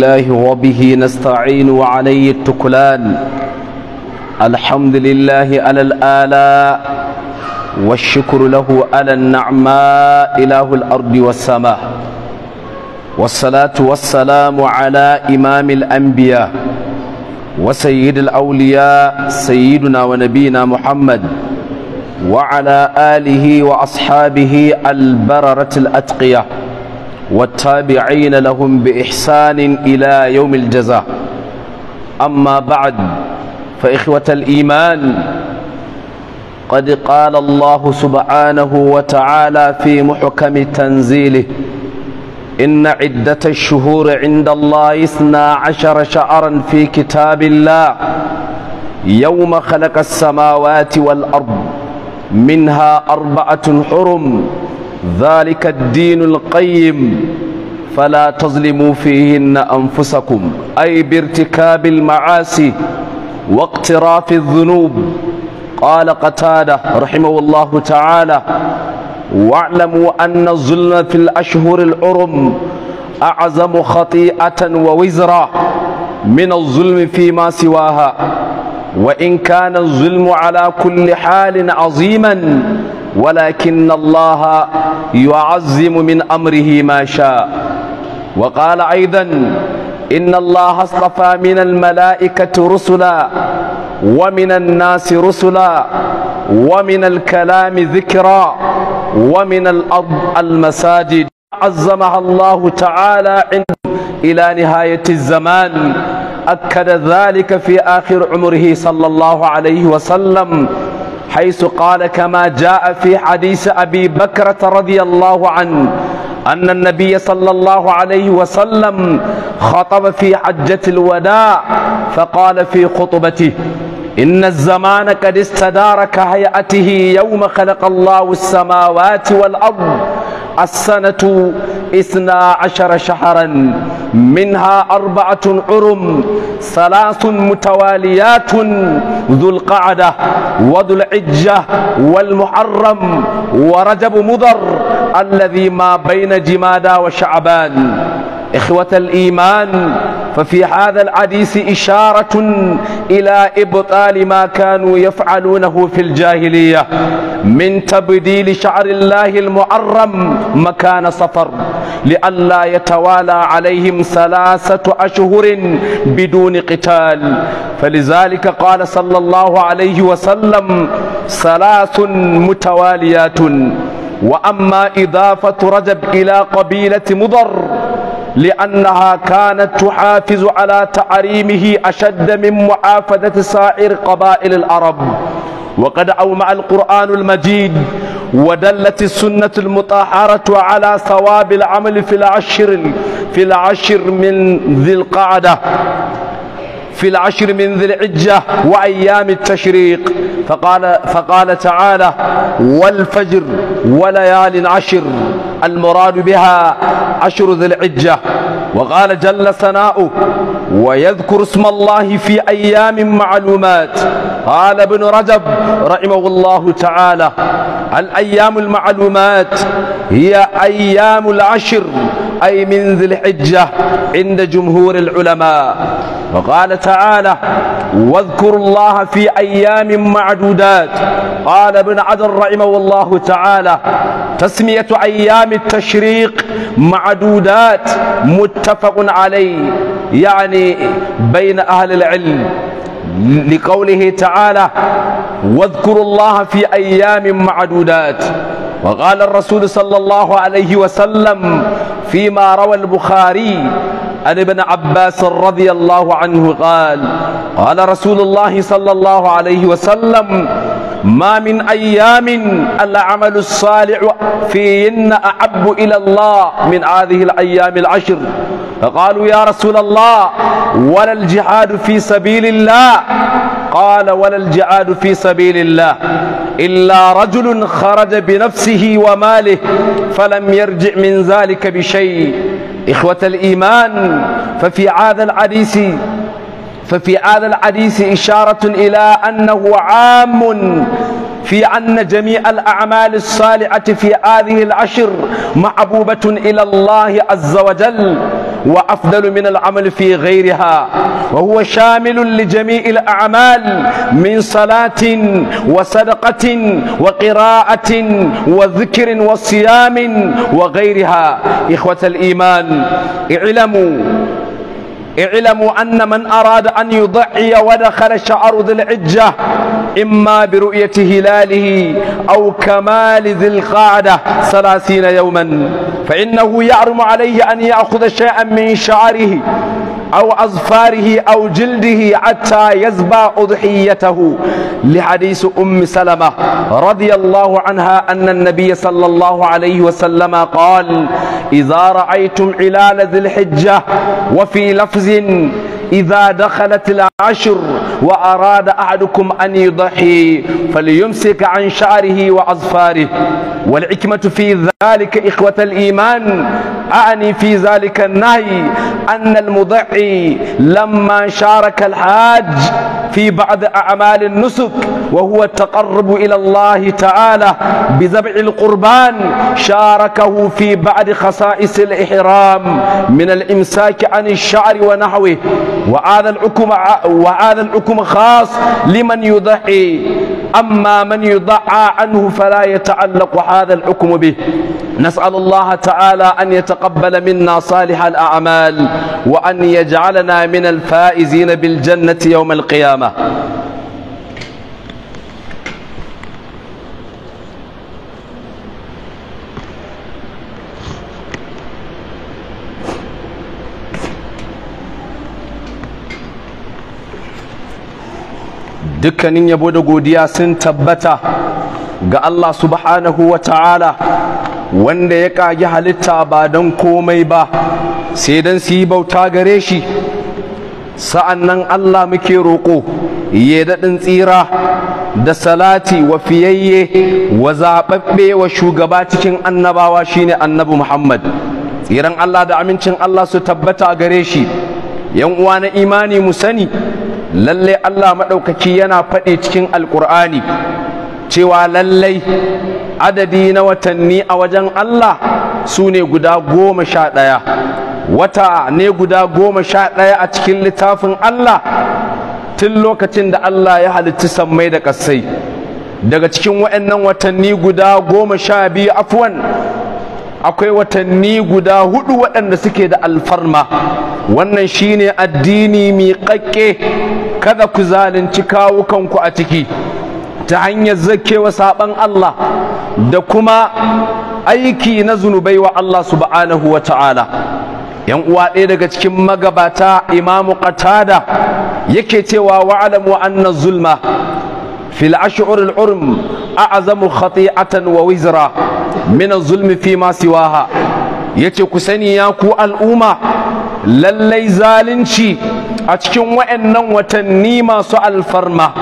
الله وبه نستعين وعليه التكلان الحمد لله على الآلاء والشكر له على النعماء إله الأرض والسماء والصلاة والسلام على إمام الأنبياء وسيد الأولياء سيدنا ونبينا محمد وعلى آله وأصحابه البررة الأتقيه والتابعين لهم بإحسان إلى يوم الجزاء أما بعد فإخوة الإيمان قد قال الله سبحانه وتعالى في محكم تنزيله إن عدة الشهور عند الله إثنا عشر شعرا في كتاب الله يوم خلق السماوات والأرض منها أربعة حرم ذلك الدين القيم فلا تظلموا فيهن أنفسكم أي بارتكاب المعاصي واقتراف الذنوب قال قتادة رحمه الله تعالى واعلموا أن الظلم في الأشهر العرم أعظم خطيئة ووزرا من الظلم فيما سواها وإن كان الظلم على كل حال عظيما ولكن الله يعظم من أمره ما شاء وقال أيضا إن الله اصطفى من الملائكة رسلا ومن الناس رسلا ومن الكلام ذكرا ومن الأرض المساجد عظمها الله تعالى عند إلى نهاية الزمان أكد ذلك في آخر عمره صلى الله عليه وسلم حيث قال كما جاء في حديث أبي بكرة رضي الله عنه أن النبي صلى الله عليه وسلم خطب في حجة الوداع فقال في خطبته إن الزمان قد استدار كهيئته يوم خلق الله السماوات والأرض السنة إثنى عشر شهرا منها أربعة عرم ثلاث متواليات ذو القعدة وذو العجة والمحرم ورجب مضر الذي ما بين جمادى وشعبان إخوة الإيمان ففي هذا الحديث إشارة إلى إبطال ما كانوا يفعلونه في الجاهلية من تبديل شعر الله المعرم مكان سفر لئلا يتوالى عليهم ثلاثة أشهر بدون قتال فلذلك قال صلى الله عليه وسلم ثلاث متواليات وأما إضافة رجب إلى قبيلة مضر لأنها كانت تحافظ على تعريمه أشد من معافدة سائر قبائل العرب وقد أومع القرآن المجيد ودلت السنة المطهرة على صواب العمل في العشر في العشر من ذي القعدة في العشر من ذي العجة وأيام التشريق فقال, فقال تعالى والفجر وليال عشر المراد بها عشر ذي العجة وقال جل ثناؤه ويذكر اسم الله في أيام معلومات قال ابن رجب رحمه الله تعالى الأيام المعلومات هي أيام العشر أي من ذي الحجة عند جمهور العلماء وقال تعالى واذكروا الله في أيام معدودات قال ابن عدن رحمه الله تعالى تسمية أيام التشريق معدودات متفق عليه يعني بين أهل العلم لقوله تعالى واذكروا الله في أيام معدودات وقال الرسول صلى الله عليه وسلم فيما روى البخاري عن ابن عباس رضي الله عنه قال قال رسول الله صلى الله عليه وسلم ما من أيام العمل الصالح فيهن أحب إلى الله من هذه الأيام العشر فقالوا يا رسول الله ولا الجهاد في سبيل الله قال ولا الجهاد في سبيل الله إلا رجل خرج بنفسه وماله فلم يرجع من ذلك بشيء إخوة الإيمان ففي هذا الحديث ففي هذا الحديث إشارة إلى أنه عام في أن جميع الأعمال الصالحة في هذه العشر محبوبة إلى الله عز وجل وأفضل من العمل في غيرها وهو شامل لجميع الأعمال من صلاة وصدقة وقراءة وذكر وصيام وغيرها إخوة الإيمان اعلموا اعلموا أن من أراد أن يضعي ودخل شعر ذي العجة إما برؤية هلاله أو كمال ذي القعدة ثلاثين يوما فإنه يعرم عليه أن يأخذ شيئا من شعره أو أظفاره أو جلده حتى يذبى أضحيته لحديث أم سلمة رضي الله عنها أن النبي صلى الله عليه وسلم قال إذا رأيتم علال ذي الحجة وفي لفظ إذا دخلت العشر وأراد أحدكم أن يضحي فليمسك عن شعره وأظفاره والحكمة في ذلك إخوة الإيمان أعني في ذلك النهي أن المضحي لما شارك الحاج في بعض أعمال النسك وهو التقرب إلى الله تعالى بذبح القربان شاركه في بعض خصائص الإحرام من الإمساك عن الشعر ونحوه وهذا الحكم وهذا الحكم خاص لمن يضحي أما من يضعى عنه فلا يتعلق هذا الحكم به نسأل الله تعالى أن يتقبل منا صالح الأعمال وأن يجعلنا من الفائزين بالجنة يوم القيامة dukkanin yabo da godiya sun tabbata ga Allah subhanahu wa ta'ala wanda ya ƙagi halitta ba don komai ba sai don su yi bauta gare shi sa'an nan Allah muke roƙo ya daɗin tsira da salati wa fiyayye wa zaɓaɓɓe wa shugaba cikin annabawa shine annabi Muhammad tsiran Allah da amincin Allah su tabbata gare shi yan uwa na imani mu sani Lallai Allah maɗaukaki yana faɗi cikin alƙur'ani cewa lallai adadi na watanni a wajen Allah su ne guda goma sha ɗaya wata ne guda goma sha ɗaya a cikin littafin Allah tun lokacin da Allah ya halitti sammai da ƙasai daga cikin waɗannan watanni guda goma sha biyu afuwan akwai watanni guda hudu waɗanda suke da alfarma wannan shine addini miƙaƙƙe kada ku zalunci kawukanku a ciki ta hanyar zakewa saɓan Allah da kuma aiki na zunubai wa Allah subhanahu wa ta'ala yan uwa ɗaya daga cikin magabata imamu qatada yake cewa wa'alamu anna zulma fil ash'ur al-urm a'zamu khati'atan wa wizra min zulmi fi ma siwaha yace ku sani ya ku al'umma lallai zalunci a cikin wa'annan watanni masu alfarma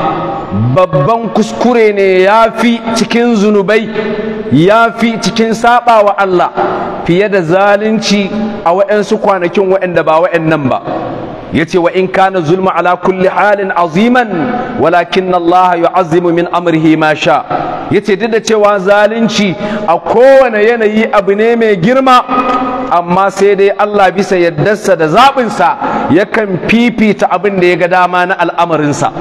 babban kuskure ne ya fi cikin zunubai ya fi cikin saba wa Allah fiye da zalunci a wa'ansu kwanakin wa'anda ba wa'annan ba yace wa in kana zulma ala kulli halin aziman walakin Allah yu'azzimu min amrihi ma sha yace duk da cewa zalunci a kowane yanayi abu ne mai girma amma sai dai Allah bisa yaddarsa da zaɓinsa yakan fifita abin da ya ga dama na al'amarinsa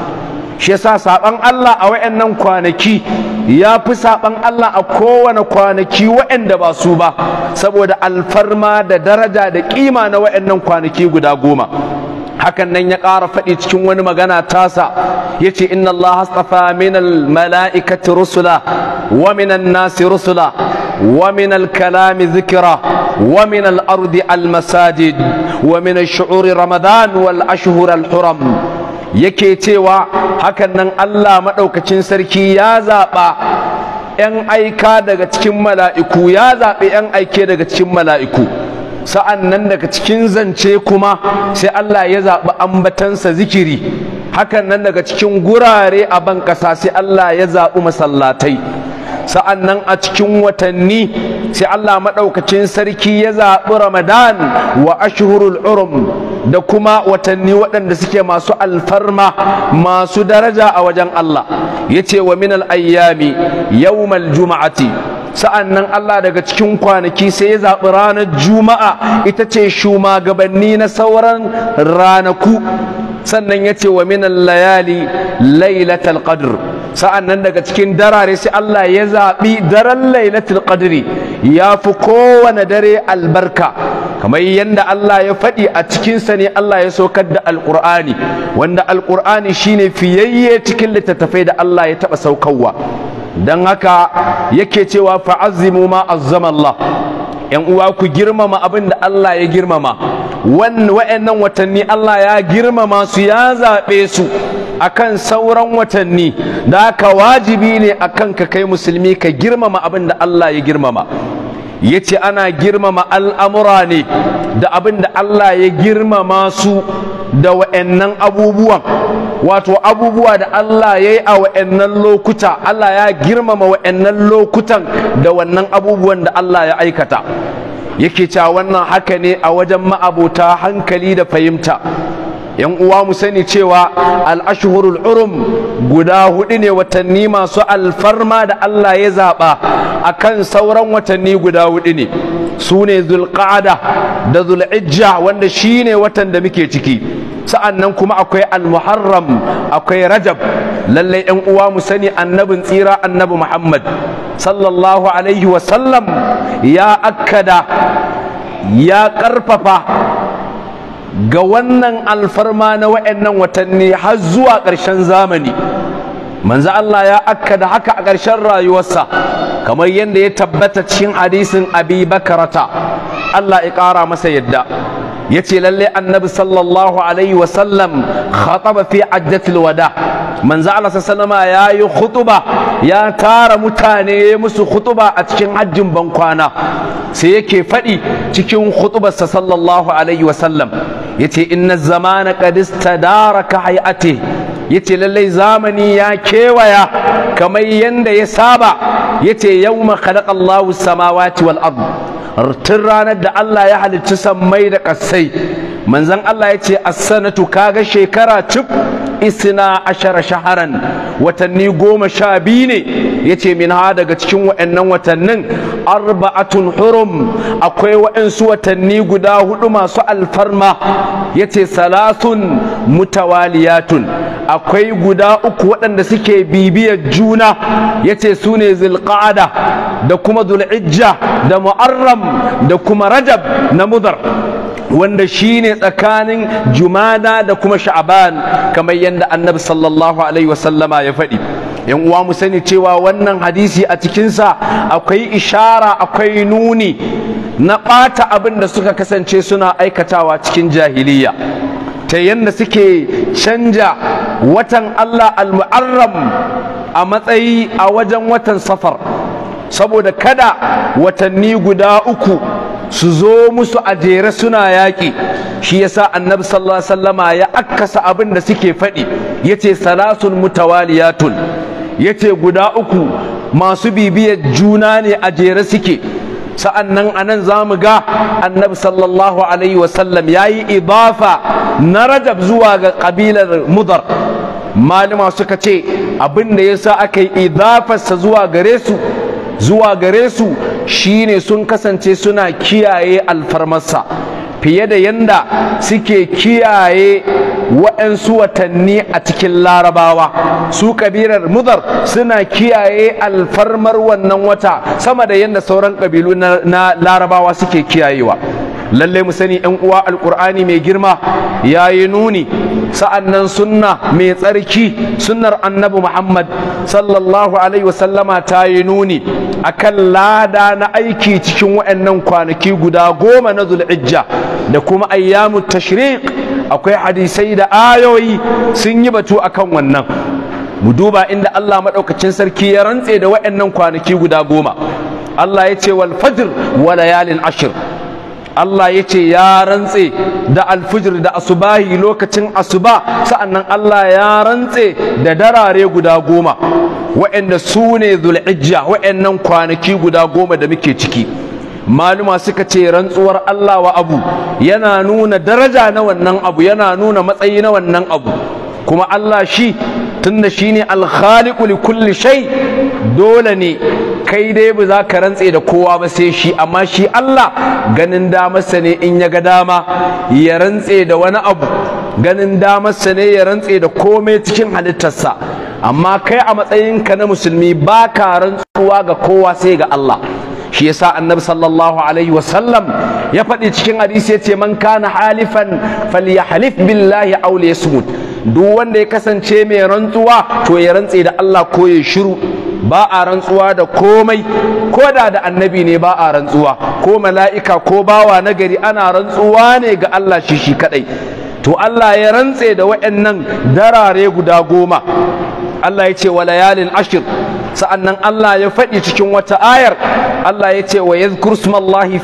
shi yasa saban Allah a wayannan kwanaki ya fi saban Allah a kowane kwanaki wayanda ba su ba saboda alfarma da daraja da kima na wayannan kwanaki guda goma hakan nan ya ƙara faɗi cikin wani magana tasa ya ce inna Allah astafa al mala'ikati rusula wa minan nasi rusula wa al kalami zikira ومن الأرض المساجد Ramadan wal رمضان والأشهر huram yake cewa hakan nan Allah maɗaukacin sarki ya zaɓa ‘yan aika daga cikin mala'iku ya zaɓi ‘yan aike daga cikin mala'iku’ sa'an nan daga cikin zance kuma sai Allah ya zaɓi ambatansa zikiri hakan nan daga cikin gurare a ban ƙasa sai Allah ya zaɓi masallatai sa'an nan a cikin watanni sai Allah maɗaukacin sarki ya zaɓi Ramadan wa ashhurul urum da kuma watanni waɗanda suke masu alfarma masu daraja a wajen Allah yace wa minal ayyami yawmal juma'ati sa'an nan Allah daga cikin kwanaki sai ya zaɓi ranar juma'a ita ce gabanni na sauran ranaku sannan ya ce wa minan layali lailatul qadr sa'an nan daga cikin darare sai Allah ya zaɓi daren lailatul qadri ya fi kowane dare albarka kamar yadda Allah ya faɗi a cikinsa ne Allah ya saukar da alƙur'ani wanda alƙur'ani shine fiyayye cikin littattafai da Allah ya taɓa saukarwa don haka yake cewa fa'azimu ma ‘yan uwa ku girmama abin da Allah ya girmama wa'yannan watanni Allah ya girmama su ya zaɓe su akan sauran watanni da haka wajibi ne akan ka kai musulmi ka girmama abin da Allah ya girmama ya ce ana girmama al'amura ne da abin da Allah ya girmama su da wa’annan abubuwan wato abubuwa da Allah ya yi a wa'yannan lokuta Allah ya girmama wa'yannan lokutan da wannan abubuwan da Allah ya aikata yake cewa wannan haka ne a wajen ma'abota hankali da fahimta yan uwa mu sani cewa al-ashhurul urum guda hudu ne watanni masu alfarma da Allah ya zaba akan sauran watanni guda hudu ne su ne zulqa'ada da zulijja wanda shine watan da muke ciki sa'annan kuma akwai al-muharram akwai rajab lallai yan uwa mu sani annabin tsira annabi Muhammad sallallahu alaihi wa sallam ya akkada ya karfafa ga wannan alfarma na wa'annan watanni har zuwa ƙarshen zamani manzo Allah ya akkada haka a ƙarshen rayuwarsa kamar yadda ya tabbata cikin hadisin Abi Bakarata Allah ya ƙara masa yadda yace lalle annabi sallallahu alaihi wasallam khataba fi ajjatil wada manzo Allah sallama yayi khutuba ya tara mutane musu khutuba a cikin hajjin bankwana sai yake faɗi cikin khutubarsa sallallahu alaihi wasallam yace inna zamana qad istadaraka hay'ati yace lallai zamani ya kewaya kamar yanda ya saba yace yawma khalaqallahu samawati wal ard tun ranar da Allah ya halicci sammai da ƙasai manzan Allah ya ce a sanatu kaga shekara cif isina ashara shaharan watanni goma sha biyu ne ya ce min ha daga cikin wa'annan watannin arba'atun hurum akwai wa'ansu watanni guda hudu masu alfarma ya ce salasun mutawaliyatun akwai guda uku waɗanda suke bibiyar juna yace su ne zulqa'ada da kuma zul'ijja da mu'arram da kuma rajab na mudar wanda shine tsakanin jumada da kuma sha'ban kamar yadda annabi sallallahu alaihi wasallama ya faɗi yan uwa mu sani cewa wannan hadisi a cikinsa akwai ishara akwai nuni na ɓata abin da suka kasance suna aikatawa cikin jahiliya ta yadda suke canja watan Allah al-mu'arram a matsayi a wajen watan safar saboda kada watanni guda uku su zo musu a jere suna yaƙi shi yasa annabi sallallahu alaihi wasallama ya akkasa abin da suke faɗi yace salasun mutawaliyatun yace guda uku masu bibiyar juna ne a jere suke sa'annan anan za mu ga annabi sallallahu alaihi wasallam ya yi idafa na rajab zuwa ga ƙabilar mudar malama suka ce abin da ya sa aka yi idafarsa zuwa gare su zuwa gare su shine sun kasance suna kiyaye alfarmarsa fiye da yanda suke kiyaye wa'ansu watanni a cikin larabawa su kabilar mudar suna kiyaye alfarmar wannan wata sama da yadda sauran ƙabilu na larabawa suke kiyayewa Lallai mu sani yan uwa alkur'ani mai girma yayi nuni sa'annan sunna mai tsarki sunnar annabi muhammad sallallahu alaihi wasallama ta yi nuni akan lada na aiki cikin wa'annan kwanaki guda goma na zulijja da kuma ayyamu tashriq akwai hadisai da ayoyi sun yi batu akan wannan mu duba inda Allah maɗaukacin sarki ya rantse da wayannan kwanaki guda goma Allah ya ce wal fajr wa layalin ashir Allah ya ce ya rantse da alfijir da asubahi lokacin asuba sa'annan Allah ya rantse da darare guda goma wa'anda su ne zulhijja wa'annan kwanaki guda goma da muke ciki maluma suka ce rantsuwar Allah wa abu yana nuna daraja na wannan abu yana nuna matsayi na wannan abu kuma Allah shi tunda shine al-khaliqu li kulli shai, dole ne kai dai ba za ka rantse da kowa ba sai shi amma shi Allah ganin damarsa ne in ya ga dama ya rantse da wani abu ganin damarsa ne ya rantse da komai cikin halittarsa amma kai a matsayinka na musulmi ba ka rantsuwa ga kowa sai ga Allah shi yasa annabi sallallahu alaihi wasallam ya faɗi cikin hadisi yace man kana halifan falyahlif billahi aw liyasmut duk wanda ya kasance mai rantsuwa to ya rantse da Allah ko ya shiru ba a rantsuwa da komai ko da da annabi ne ba a rantsuwa ko mala'ika ko bawa nagari ana rantsuwa ne ga Allah shi shi kadai to Allah ya rantse da waɗannan darare guda goma Allah ya ce wa layalin ashir sa'annan Allah ya faɗi cikin wata ayar Allah ya ce wa yadhkur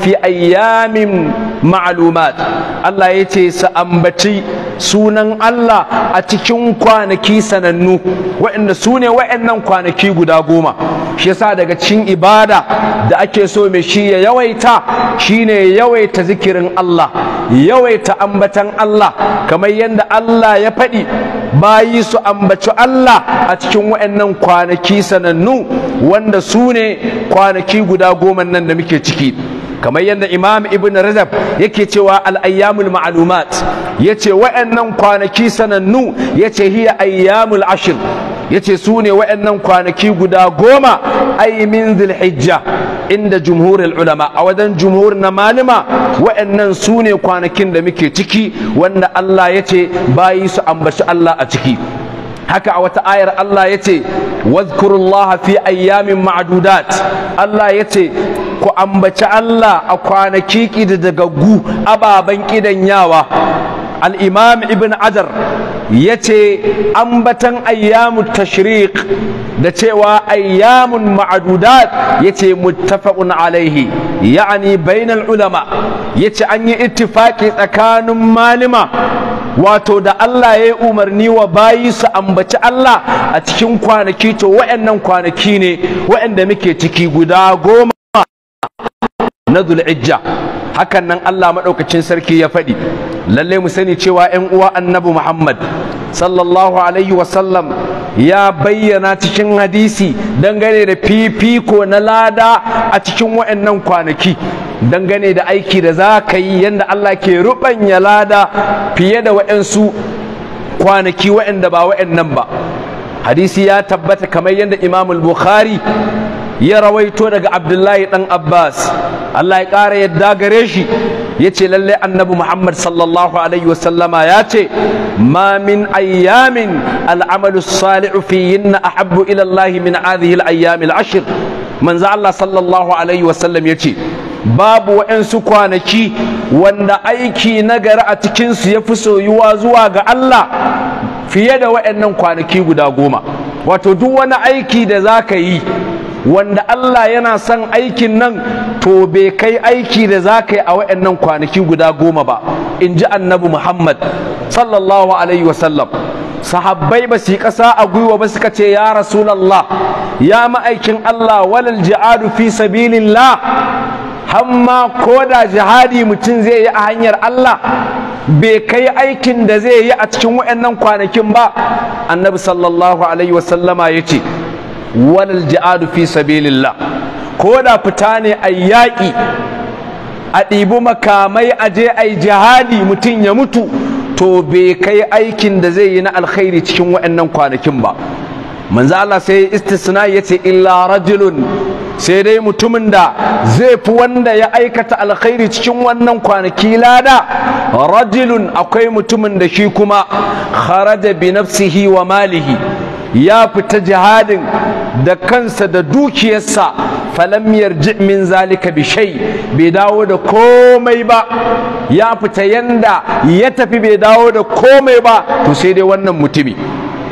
fi ayyamin ma'lumat Allah ya ce sa ambaci sunan Allah a cikin kwanaki sanannu waɗanda su ne waɗannan kwanaki guda goma shi yasa daga cikin ibada da ake so mai shi ya yawaita shine yawaita zikirin Allah yawaita ambatan Allah kamar yadda Allah ya faɗi bayi su ambaci Allah a cikin waɗannan kwanaki sanannu wanda su ne kwanaki guda goma nan da muke ciki kamar yadda imam ibn rajab yake cewa al-ayyamul ma'lumat yace wa'annan kwanaki sanannu yace hiya ayyamul ashr yace su ne wa'annan kwanaki guda goma ay min dhulhijja inda jumhurul ulama a wajen jumhur na malima wa'annan su ne kwanakin da muke ciki wanda Allah yace bayi su ambaci Allah a ciki haka a wata ayar Allah yace wazkurullaha fi ayyamin ma'dudat Allah yace ku ambaci Allah a kwanaki da ababan ababen yawa. al'imam ibn adar ya ce ambatan ayyamun tashriq da cewa ayyamun ma'adudat ya ce mutafa'un alaihi ya'ani bainal ulama ya ce an yi ittifaki tsakanin malima wato da Allah ya yi umarni wa bayi su ambaci Allah a cikin kwanaki to waɗannan kwanaki ne waɗanda muke ciki guda goma na ijja. hakan nan Allah maɗaukacin sarki ya faɗi lalle mu sani cewa 'yan uwa annabi Muhammad sallallahu alaihi wasallam ya bayyana cikin hadisi dangane da fifiko na lada a cikin wa'annan kwanaki dangane da aiki da za ka yi yadda Allah ke ya lada fiye da wa'ansu kwanaki wa'anda ba wa'annan ba hadisi ya tabbata kamar yadda imamul bukhari ya rawaito daga abdullahi dan abbas allah ya ƙara yadda gare shi ya ce lallai annabi muhammad sallallahu alaihi wasallama ya ce ma min ayyamin al'amalu fi yinna ahabbu ila allahi min hadhihi al-ayyam manzo allah sallallahu alaihi wasallam ya ce babu waɗansu kwanaki wanda aiki nagari a cikinsu ya fi soyuwa zuwa ga Allah fiye da waɗannan kwanaki guda goma wato duk wani aiki da za ka yi wanda Allah yana son aikin nan to bai kai aiki da za ka yi a waɗannan kwanaki guda goma ba in ji annabi Muhammad sallallahu alaihi wasallam sahabbai ba su ƙasa a gwiwa ba suka ce ya rasulallah ya ma'aikin Allah walal jihadu fi sabilillah hamma ko da jihadi mutum zai yi a hanyar Allah bai kai aikin da zai yi a cikin waɗannan kwanakin ba annabi sallallahu alaihi wasallama ya ce wal jihadu fi sabilillah ko da fita ne a yaƙi a ɗibi makamai a je a yi jihadi mutum ya mutu to bai kai aikin da zai yi na alkhairi cikin waɗannan kwanakin ba manzo Allah sai istisna yace illa rajulun sai dai mutumin da zai fi wanda ya aikata alkhairi cikin wannan kwanaki lada rajulun akwai mutumin da shi kuma kharaja bi nafsihi wa malihi ya fita jihadin da kansa da dukiyarsa falam yarji min zalika bi shay bai dawo da komai ba ya fita yanda ya tafi bai dawo da komai ba to sai dai wannan mutumi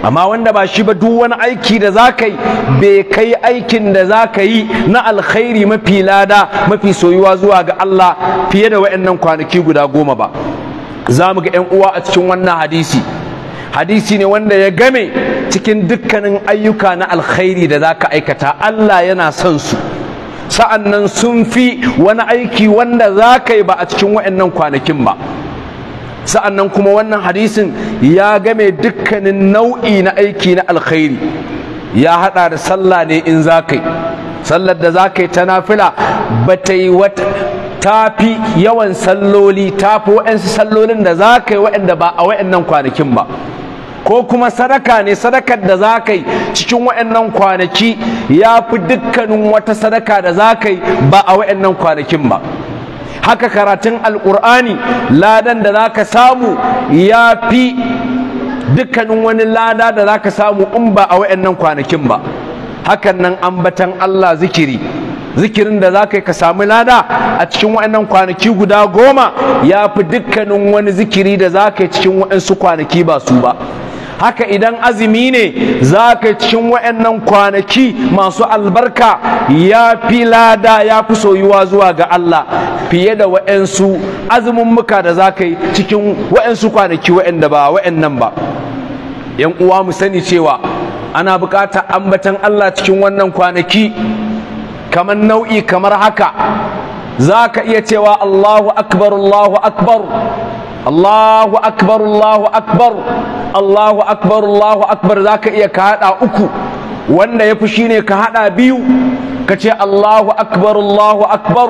amma wanda ba shi ba duk wani aiki da za ka yi bai kai aikin da za ka yi na alkhairi mafi lada mafi soyuwa zuwa ga Allah fiye da waɗannan kwanaki guda goma ba za mu ga 'yan uwa a cikin wannan hadisi hadisi ne wanda ya game cikin dukkanin ayyuka na alkhairi da za ka aikata Allah yana son su sa'annan sun fi wani aiki wanda za ka yi ba a cikin wa'annan kwanakin ba sa'annan kuma wannan hadisin ya game dukkanin nau'i na aiki na alkhairi ya haɗa da sallah ne in za yi sallar da za ka yi ta nafila ba ta yi wata ta fi yawan salloli ta fi wa'ansu sallolin da za ka yi wa'anda ba a wa'annan kwanakin ba ko kuma sadaka ne sadakar da za ka yi cikin wa'annan kwanaki ya fi dukkanin wata sadaka da za ka yi ba a wa'annan kwanakin ba haka karatun alƙur'ani ladan da za ka samu ya fi dukkanin wani lada da za ka samu in ba a wa'annan kwanakin ba hakan nan ambatan Allah zikiri zikirin da za ka yi ka sami lada a cikin wa'annan kwanaki guda goma ya fi dukkanin wani zikiri da za ka yi cikin wa'ansu kwanaki ba su ba haka idan azumi ne za ka cikin wa'annan kwanaki masu albarka ya fi lada ya fi soyuwa zuwa ga Allah fiye da wa'ansu muka da za ka yi cikin wa'ansu kwanaki wa'anda ba wa'annan ba yan uwa mu sani cewa ana bukata ambatan Allah cikin wannan kwanaki kamar nau'i kamar haka za ka iya cewa Allahu akbar Allahu akbar Allahu akbar Allahu akbar Allahu akbar Allahu akbar zaka iya ka hada uku wanda yafi shine ka hada biyu ce Allahu akbar Allahu akbar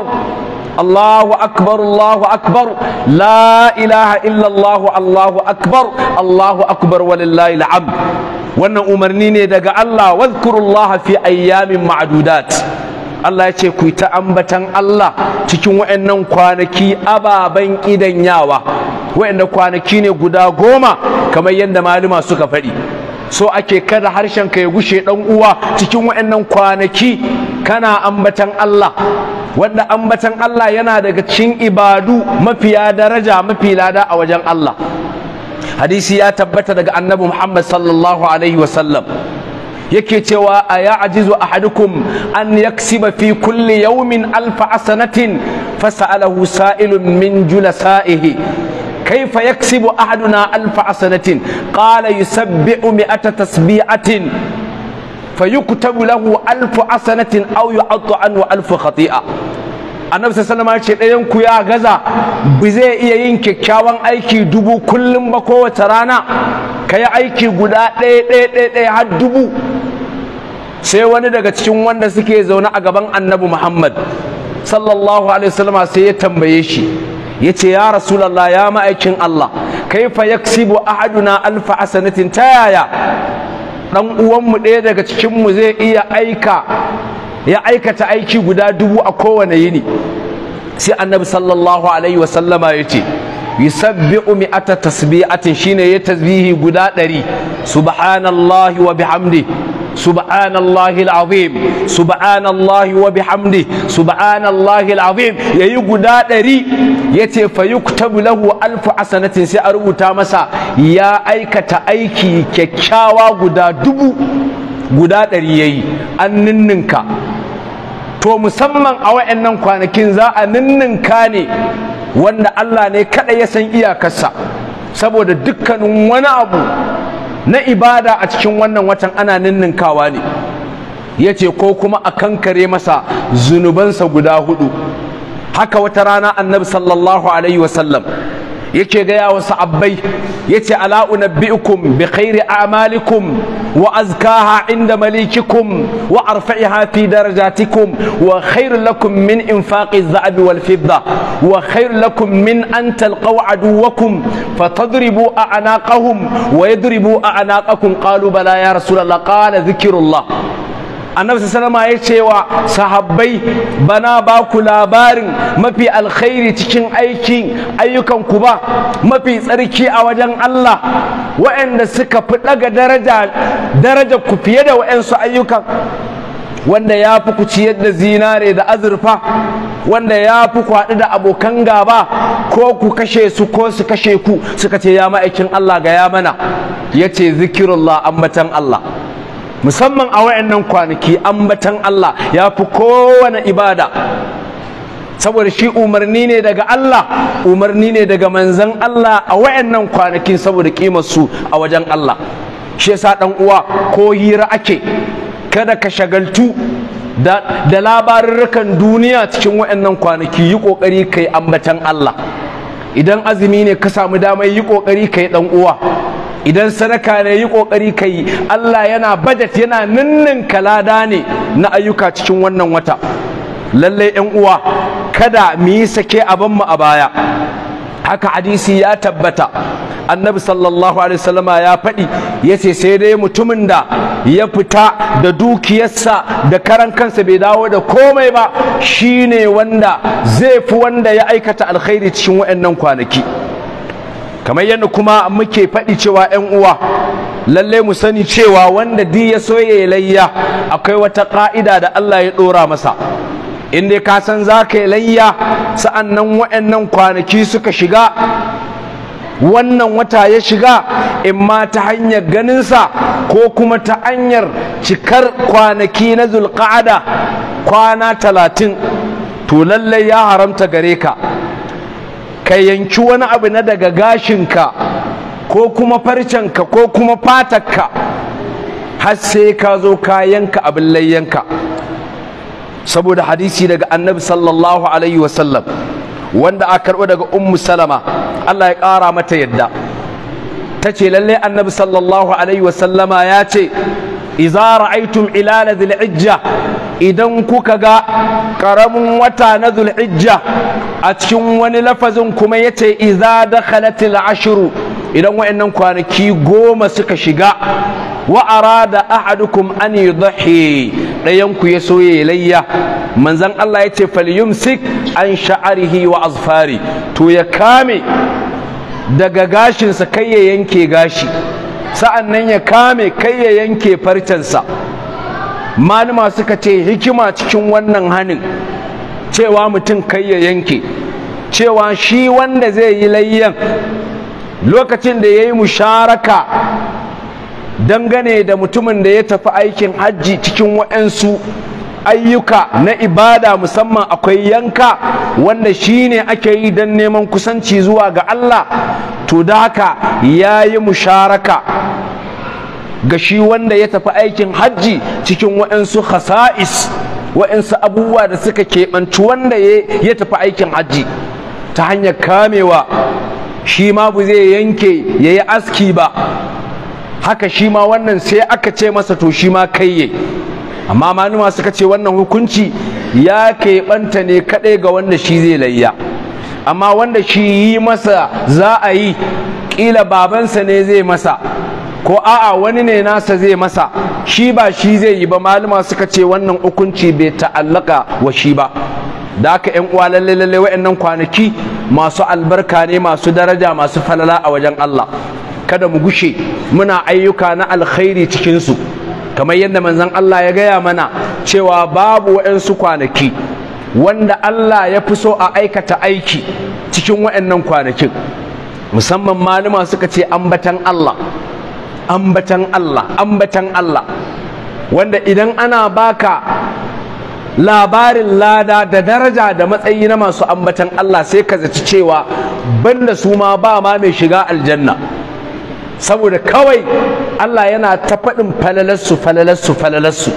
Allahu akbar Allahu akbar la ilaha illa Allah Allahu akbar Allahu akbar walillahi alhamd wannan umarni ne daga Allah wazkurullaha fi ayyamin ma'dudat Allah ya ce ku yi ta ambatan Allah cikin wa'annan kwanaki ababen idan yawa wa'annan kwanaki ne guda goma kamar yadda maluma suka faɗi so ake kada harshen ka ya gushe dan uwa cikin wa'annan kwanaki kana ambatan Allah wanda ambatan Allah yana daga cikin ibadu mafiya daraja mafi lada a wajen Allah hadisi ya tabbata daga annabi Muhammad sallallahu alaihi wasallam yake cewa a ya ajizu ahadukum an yaksiba fi kulli yaumin alfa hasanatin fasa'alahu sa'ilun min julasa'ihi كيف يكسب أحدنا ألف حسنة قال يسبع مئة تسبيعة فيكتب له ألف حسنة أو يعط عنه ألف خطيئة annabi sallallahu ce ɗayan ku ya gaza ba zai iya yin kyakkyawan aiki dubu kullum ba kowace rana ka yi aiki guda ɗaya ɗaya ɗaya har dubu sai wani daga cikin wanda suke zaune a gaban annabi muhammad sallallahu alaihi wasallam sai ya tambaye shi ya ce ya rasulallah ya ma'aikin allah kaifa yaksibu ahaduna alfa hasanatin ta yaya Ɗan uwanmu ɗaya daga cikinmu zai iya aika ya aikata aiki guda dubu a kowane yini sai annabi sallallahu alaihi wasallama ya ce yusabbi'u mi'ata tasbi'atin shine ya tasbihi guda ɗari subhanallahi wa bihamdi subhanallahi alazim subhanallahi wa bihamdi subhanallahi alazim yayi guda ɗari yace fa yuktabu lahu alfu hasanatin sai a rubuta masa ya aikata aiki kyakkyawa guda dubu guda ɗari yayi an ninninka to musamman a wa'annan kwanakin za a ninninka ne wanda Allah ne kada ya san iyakarsa saboda dukkanin wani abu na ibada a cikin wannan watan ana ninninkawa ne ya ce ko kuma a kankare masa zunubansa guda hudu haka wata rana annabi sallallahu alaihi wasallam يكي غيا وصعبي يتي ألا أنبئكم بخير أعمالكم وأزكاها عند مليككم وأرفعها في درجاتكم وخير لكم من إنفاق الذعب والفضة وخير لكم من أن تلقوا عدوكم فتضربوا أعناقهم ويضربوا أعناقكم قالوا بلى يا رسول الله قال ذكر الله annabi sallama ya cewa sahabbai bana ba ku labarin mafi alkhairi cikin aikin ayyukan ku ba mafi tsarki a wajen Allah waɗanda suka fi daga daraja daraja ku fiye da waɗansu ayyukan wanda ya fi ku ciyar da zinare da azurfa wanda ya fi ku haɗu da abokan gaba ko ku kashe su ko su kashe ku suka ce ya ma'aikin Allah ga ya mana ya ce zikirullah ambatan Allah musamman a wayannan kwanaki ambatan Allah ya fi kowane ibada saboda shi umarni ne daga Allah umarni ne daga manzan Allah a wayannan kwanakin saboda kimarsu a wajen Allah shi yasa dan uwa ko hira ake kada ka shagaltu da, da labarurrukan duniya cikin wayannan kwanaki yi kokari kai ambatan Allah idan azumi ne ka samu damar yi kokari kai dan uwa idan sadaka ne yi kokari kai Allah yana budget yana ninnin kalada ne na ayyuka cikin wannan wata lalle yan uwa kada mu yi sake abin mu a baya haka hadisi ya tabbata annabi sallallahu alaihi wasallama ya faɗi ya ce sai dai mutumin da ya fita da dukiyarsa da karan kansa bai dawo da komai ba shine wanda zai fi wanda ya aikata alkhairi cikin waɗannan kwanaki kamar yadda kuma muke faɗi cewa 'yan uwa lalle mu sani cewa wanda di ya so ya layya akwai wata ƙa'ida da Allah ya ɗora masa inda ka san za ka yi layya sa'an nan wa'annan kwanaki suka shiga wannan wata ya shiga in ma ta hanyar ganinsa ko kuma ta hanyar cikar kwanaki na zulƙa'ada kwana talatin to lallai ya haramta gare ka ka yanki wani abu na daga gashinka ko kuma farcenka ko kuma fatarka har sai ka zo ka yanka abin layyanka saboda hadisi daga annabi sallallahu alaihi wasallam wanda a karɓo daga ummu salama allah ya ƙara mata yadda ta ce lallai annabi sallallahu alaihi wasallama ya ce iza ra'aytum ilala ijja idan kuka ga karamin wata na ijja a cikin wani lafazin kuma yace iza dakhalatil ashru idan wayannan kwanaki goma suka shiga wa arada ahadukum an yudhi dayan ku ya soye layya manzon Allah yace falyumsik an sha'arihi wa azfari to ya kame daga gashinsa kai ya yanke gashi sa'an nan ya kame kai ya yanke farcensa malama suka ce hikima cikin wannan hanin cewa mutum kai ya yanke cewa shi wanda zai yi layyan lokacin da ya yi musharaka dangane da mutumin da ya tafi aikin hajji cikin waɗansu ayyuka na ibada musamman akwai yanka wanda shine ake yi don neman kusanci zuwa ga Allah to da haka ya yi musharaka ga shi wanda ya tafi aikin hajji cikin waɗansu khasa'is waɗansu abubuwa da suka keɓanci wanda ya tafi aikin hajji ta hanyar kamewa shi ma bu zai yanke ya yi aski ba haka shi ma wannan sai aka ce masa to shi ma kaiye amma manuma suka ce wannan hukunci ya ke keɓanta ne kaɗai ga wanda shi zai layya amma wanda shi yi masa za a yi ƙila babansa ne zai masa ko a'a wani ne nasa zai masa shi ba shi zai yi ba malama suka ce wannan hukunci bai ta'allaka wa shi ba da haka yan uwa lalle lalle wayannan kwanaki masu albarka ne masu daraja masu falala a wajen Allah kada mu gushe muna ayyuka na alkhairi cikinsu. su kamar yadda manzon Allah ya gaya mana cewa babu waɗansu kwanaki wanda Allah ya fi so a aikata aiki cikin waɗannan kwanakin musamman malama suka ce ambatan Allah ambatan Allah ambatan Allah wanda idan ana baka labarin lada da daraja da matsayi na masu ambatan Allah sai ka zaci cewa banda su ma ba ma mai shiga aljanna saboda kawai Allah yana ta faɗin falalarsu falalarsu falalarsu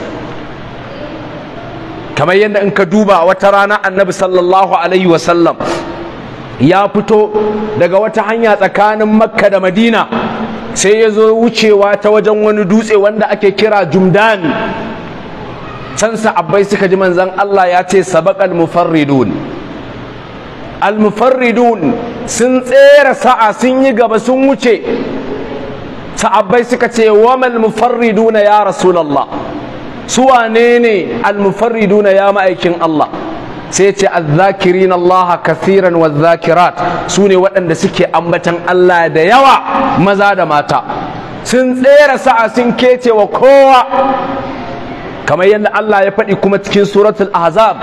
kamar yadda in ka duba wata rana annabi sallallahu alaihi wasallam ya fito daga wata hanya tsakanin makka da madina sai ya zo wucewa ta wajen wani dutse wanda ake kira jumdan can abbai suka ji manzan Allah ya ce sabaqal mufarridun al mufarridun sun tsere sa'a sun yi gaba sun wuce sahabbai suka ce wamal mufarriduna ya rasulallah su wanene ne al ya ma'aikin Allah sai ce azzakirin Allah kasiran wa zakirat su ne waɗanda suke ambatan Allah da yawa maza da mata sun tsere sa'a sun kece wa kowa kamar yadda Allah ya faɗi kuma cikin suratul ahzab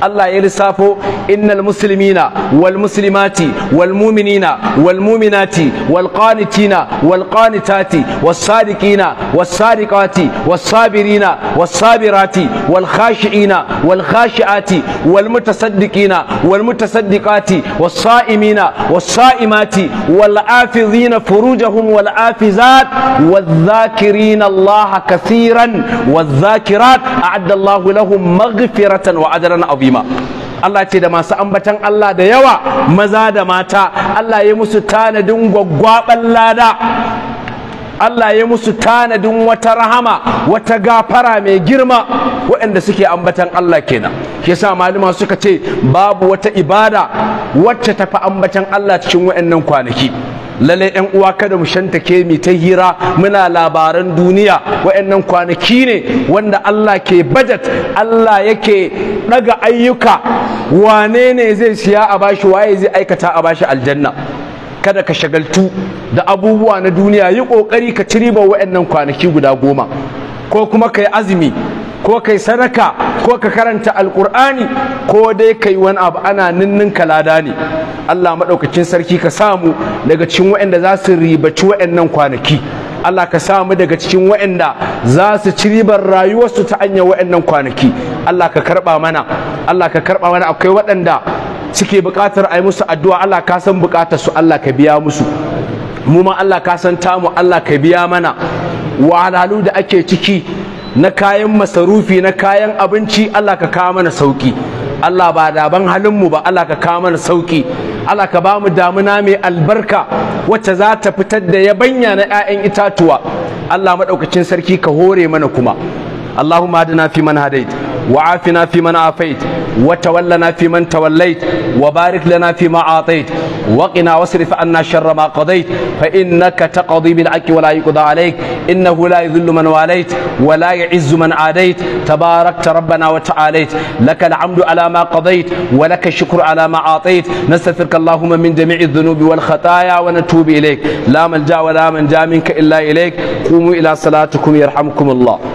Allah ya lissafo innal muslimina wal muslimati wal mu'minina wal mu'minati wal qanitina wal qanitati was sadiqina was sadiqati was sabirina was sabirati wal khashiina wal khashiati wal mutasaddiqina wal mutasaddiqati was sa'imina was sa'imati wal afizina furujahum wal afizat wal dhakirina Allah kathiran wal dhakirina zakirat a'addallahu lahum maghfiratan wa ajran azima Allah ce da masu ambatan Allah da yawa maza da mata Allah ya musu tanadin gwaggwaban lada Allah ya musu tanadin wata rahama wata gafara mai girma waɗanda suke ambatan Allah kenan yasa malama suka ce babu wata ibada wacce tafi ambatan Allah cikin waɗannan kwanaki lalle yan uwa kada mu shanta ke mi ta hira muna labaran duniya wayannan kwanaki ne wanda Allah ke budget Allah yake daga ayyuka wane ne zai siya a bashi waye zai aikata a bashi aljanna kada ka shagaltu da abubuwa na duniya yi kokari ka ci riba wayannan kwanaki guda goma ko kuma kai azumi ko kai sadaka ko ka karanta alkur'ani ko dai kai wani abu ana ninninka lada ne Allah maɗaukacin sarki ka samu daga cikin waɗanda za su ribaci waɗannan kwanaki Allah ka samu daga cikin waɗanda za su ci ribar rayuwarsu ta hanyar waɗannan kwanaki Allah ka karɓa mana Allah ka karɓa mana akwai waɗanda suke buƙatar a yi musu addu'a Allah ka san buƙatar su Allah ka biya musu mu ma Allah ka san tamu Allah ka biya mana wahalhalu da ake ciki na kayan masarufi na kayan abinci Allah ka kawo mana sauki Allah ba halin mu ba Allah ka kawo mana sauki Allah ka ba mu damuna mai albarka wacce za ta fitar da yabanya na 'ya'yan itatuwa Allah maɗaukacin sarki ka hore mana kuma Allahumma adina fi man hadait وعافنا فيمن عافيت وتولنا فيمن توليت وبارك لنا فيما أعطيت وقنا واصرف عنا شر ما قضيت فإنك تقضي بالعك ولا يقضى عليك إنه لا يذل من واليت ولا يعز من عاديت تباركت ربنا وتعاليت لك العمد على ما قضيت ولك الشكر على ما أعطيت نستغفرك اللهم من جميع الذنوب والخطايا ونتوب إليك لا ملجأ ولا منجا منك إلا إليك قوموا إلى صلاتكم يرحمكم الله